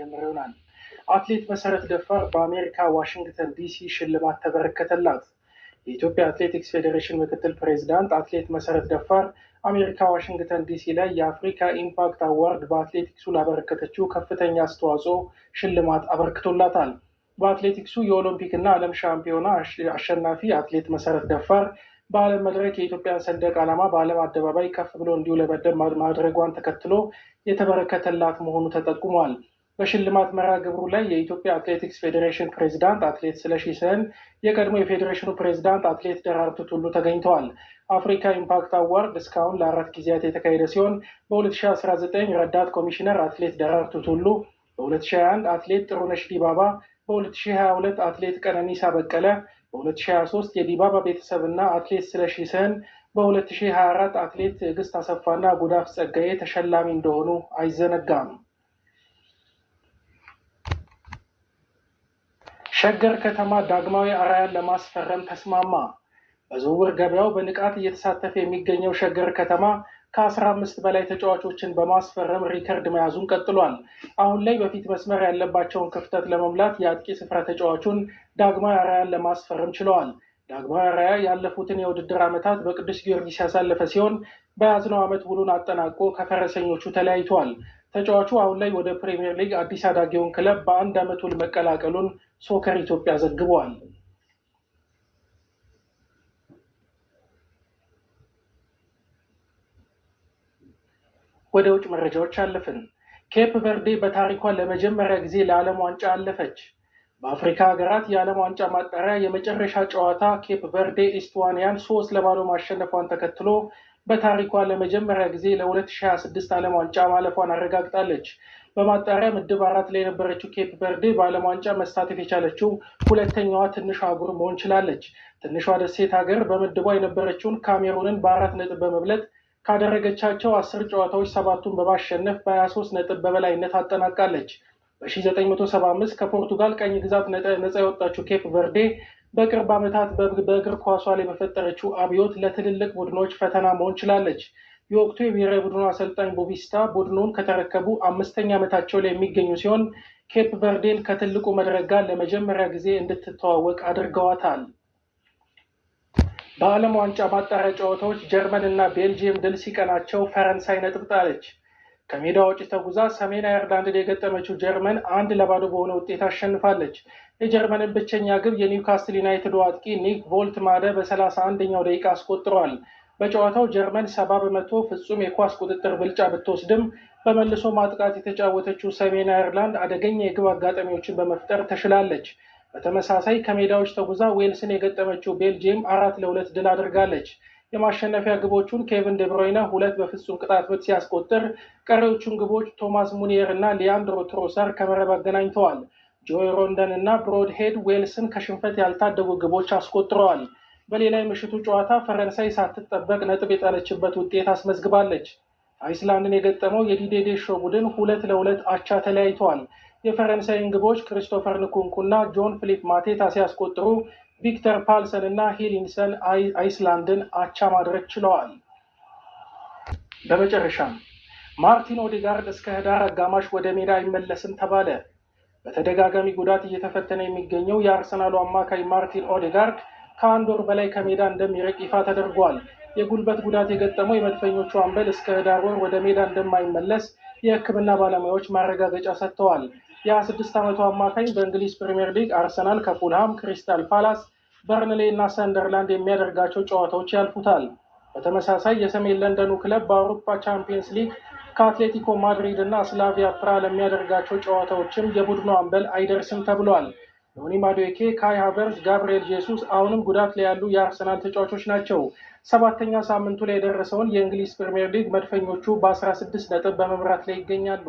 የሚጀምር ይሆናል። አትሌት መሰረት ደፋር በአሜሪካ ዋሽንግተን ዲሲ ሽልማት ተበረከተላት። የኢትዮጵያ አትሌቲክስ ፌዴሬሽን ምክትል ፕሬዚዳንት አትሌት መሰረት ደፋር አሜሪካ ዋሽንግተን ዲሲ ላይ የአፍሪካ ኢምፓክት አዋርድ በአትሌቲክሱ ላበረከተችው ከፍተኛ አስተዋጽኦ ሽልማት አበርክቶላታል። በአትሌቲክሱ የኦሎምፒክ እና ዓለም ሻምፒዮና አሸናፊ አትሌት መሰረት ደፋር በዓለም መድረክ የኢትዮጵያን ሰንደቅ ዓላማ በዓለም አደባባይ ከፍ ብሎ እንዲውለበለብ ማድረጓን ተከትሎ የተበረከተላት መሆኑ ተጠቁሟል። በሽልማት መርሃ ግብሩ ላይ የኢትዮጵያ አትሌቲክስ ፌዴሬሽን ፕሬዚዳንት አትሌት ስለሺ ስህን፣ የቀድሞ የፌዴሬሽኑ ፕሬዚዳንት አትሌት ደራርቱ ቱሉ ተገኝተዋል። አፍሪካ ኢምፓክት አዋርድ እስካሁን ለአራት ጊዜያት የተካሄደ ሲሆን በ2019 ረዳት ኮሚሽነር አትሌት ደራርቱ ቱሉ፣ በ2021 አትሌት ጥሩነሽ ዲባባ፣ በ2022 አትሌት ቀነኒሳ በቀለ፣ በ2023 የዲባባ ቤተሰብና አትሌት ስለሺ ስህን በ2024 አትሌት ትዕግስት አሰፋና ጉዳፍ ጸጋዬ ተሸላሚ እንደሆኑ አይዘነጋም። ሸገር ከተማ ዳግማዊ አርአያን ለማስፈረም ተስማማ። በዝውውር ገበያው በንቃት እየተሳተፈ የሚገኘው ሸገር ከተማ ከ15 በላይ ተጫዋቾችን በማስፈረም ሪከርድ መያዙን ቀጥሏል። አሁን ላይ በፊት መስመር ያለባቸውን ክፍተት ለመሙላት የአጥቂ ስፍራ ተጫዋቹን ዳግማዊ አርአያን ለማስፈረም ችለዋል። ዳግማዊ አርአያ ያለፉትን የውድድር ዓመታት በቅዱስ ጊዮርጊስ ያሳለፈ ሲሆን በያዝነው ዓመት ውሉን አጠናቆ ከፈረሰኞቹ ተለያይቷል። ተጫዋቹ አሁን ላይ ወደ ፕሪምየር ሊግ አዲስ አዳጊውን ክለብ በአንድ ዓመት ውል መቀላቀሉን ሶከር ኢትዮጵያ ዘግቧል። ወደ ውጭ መረጃዎች አለፍን። ኬፕ ቨርዴ በታሪኳ ለመጀመሪያ ጊዜ ለዓለም ዋንጫ አለፈች። በአፍሪካ ሀገራት የዓለም ዋንጫ ማጣሪያ የመጨረሻ ጨዋታ ኬፕ ቨርዴ ኢስትዋንያን ሶስት ለባዶ ማሸነፏን ተከትሎ በታሪኳ ለመጀመሪያ ጊዜ ለ2026 ዓለም ዋንጫ ማለፏን አረጋግጣለች። በማጣሪያ ምድብ አራት ላይ የነበረችው ኬፕ በርዴ በዓለም ዋንጫ መሳተፍ የቻለችው ሁለተኛዋ ትንሿ አህጉር መሆን ችላለች። ትንሿ ደሴት ሀገር በምድቧ የነበረችውን ካሜሩንን በአራት ነጥብ በመብለጥ ካደረገቻቸው አስር ጨዋታዎች ሰባቱን በማሸነፍ በ23 ነጥብ በበላይነት አጠናቃለች። በ1975 ከፖርቱጋል ቀኝ ግዛት ነፃ የወጣችው ኬፕ ቨርዴ በቅርብ ዓመታት በእግር ኳሷ ላይ በፈጠረችው አብዮት ለትልልቅ ቡድኖች ፈተና መሆን ችላለች። የወቅቱ የብሔራዊ ቡድኑ አሰልጣኝ ቦቪስታ ቡድኑን ከተረከቡ አምስተኛ ዓመታቸው ላይ የሚገኙ ሲሆን ኬፕ ቨርዴን ከትልቁ መድረክ ጋር ለመጀመሪያ ጊዜ እንድትተዋወቅ አድርገዋታል። በዓለም ዋንጫ ማጣሪያ ጨዋታዎች ጀርመን እና ቤልጅየም ድል ሲቀናቸው ፈረንሳይ ነጥብ ጣለች። ከሜዳ ተጉዛ ሰሜን አየርላንድን የገጠመችው ጀርመን አንድ ለባዶ በሆነ ውጤት አሸንፋለች። የጀርመንን ብቸኛ ግብ የኒውካስትል ዩናይትድ አጥቂ ኒክ ቮልትማደ በ31ኛው ደቂቃ አስቆጥሯል። በጨዋታው ጀርመን ሰባ በመቶ ፍጹም የኳስ ቁጥጥር ብልጫ ብትወስድም በመልሶ ማጥቃት የተጫወተችው ሰሜን አይርላንድ አደገኛ የግብ አጋጣሚዎችን በመፍጠር ተሽላለች። በተመሳሳይ ከሜዳዎች ተጉዛ ዌልስን የገጠመችው ቤልጅየም አራት ለሁለት ድል አድርጋለች። የማሸነፊያ ግቦቹን ኬቪን ደብሮይና ሁለት በፍጹም ቅጣት ምት ሲያስቆጥር፣ ቀሪዎቹን ግቦች ቶማስ ሙኒየር እና ሊያንድሮ ትሮሰር ከመረብ አገናኝተዋል። ጆይ ሮንደን እና ብሮድሄድ ዌልስን ከሽንፈት ያልታደጉ ግቦች አስቆጥረዋል። በሌላ የምሽቱ ጨዋታ ፈረንሳይ ሳትጠበቅ ነጥብ የጣለችበት ውጤት አስመዝግባለች። አይስላንድን የገጠመው የዲዴዴሾ ቡድን ሁለት ለሁለት አቻ ተለያይተዋል። የፈረንሳይን ግቦች ክሪስቶፈር ንኩንኩና ጆን ፊሊፕ ማቴታ ሲያስቆጥሩ ቪክተር ፓልሰን እና ሂሊንሰን አይስላንድን አቻ ማድረግ ችለዋል። በመጨረሻም ማርቲን ኦዴጋርድ እስከ ህዳር አጋማሽ ወደ ሜዳ አይመለስም ተባለ። በተደጋጋሚ ጉዳት እየተፈተነ የሚገኘው የአርሰናሉ አማካይ ማርቲን ኦዴጋርድ ከአንድ ወር በላይ ከሜዳ እንደሚርቅ ይፋ ተደርጓል። የጉልበት ጉዳት የገጠመው የመድፈኞቹ አምበል እስከ ህዳር ወር ወደ ሜዳ እንደማይመለስ የሕክምና ባለሙያዎች ማረጋገጫ ሰጥተዋል። የ26 ዓመቱ አማካኝ በእንግሊዝ ፕሪምየር ሊግ አርሰናል ከፉልሃም፣ ክሪስታል ፓላስ፣ በርንሌ እና ሰንደርላንድ የሚያደርጋቸው ጨዋታዎች ያልፉታል። በተመሳሳይ የሰሜን ለንደኑ ክለብ በአውሮፓ ቻምፒየንስ ሊግ ከአትሌቲኮ ማድሪድ እና ስላቪያ ፕራ ለሚያደርጋቸው ጨዋታዎችም የቡድኑ አምበል አይደርስም ተብሏል። ኖኒ ማዶኬ፣ ካይ ሃቨርዝ፣ ጋብርኤል ጄሱስ አሁንም ጉዳት ላይ ያሉ የአርሰናል ተጫዋቾች ናቸው። ሰባተኛ ሳምንቱ ላይ የደረሰውን የእንግሊዝ ፕሪምየር ሊግ መድፈኞቹ በ16 ነጥብ በመምራት ላይ ይገኛሉ።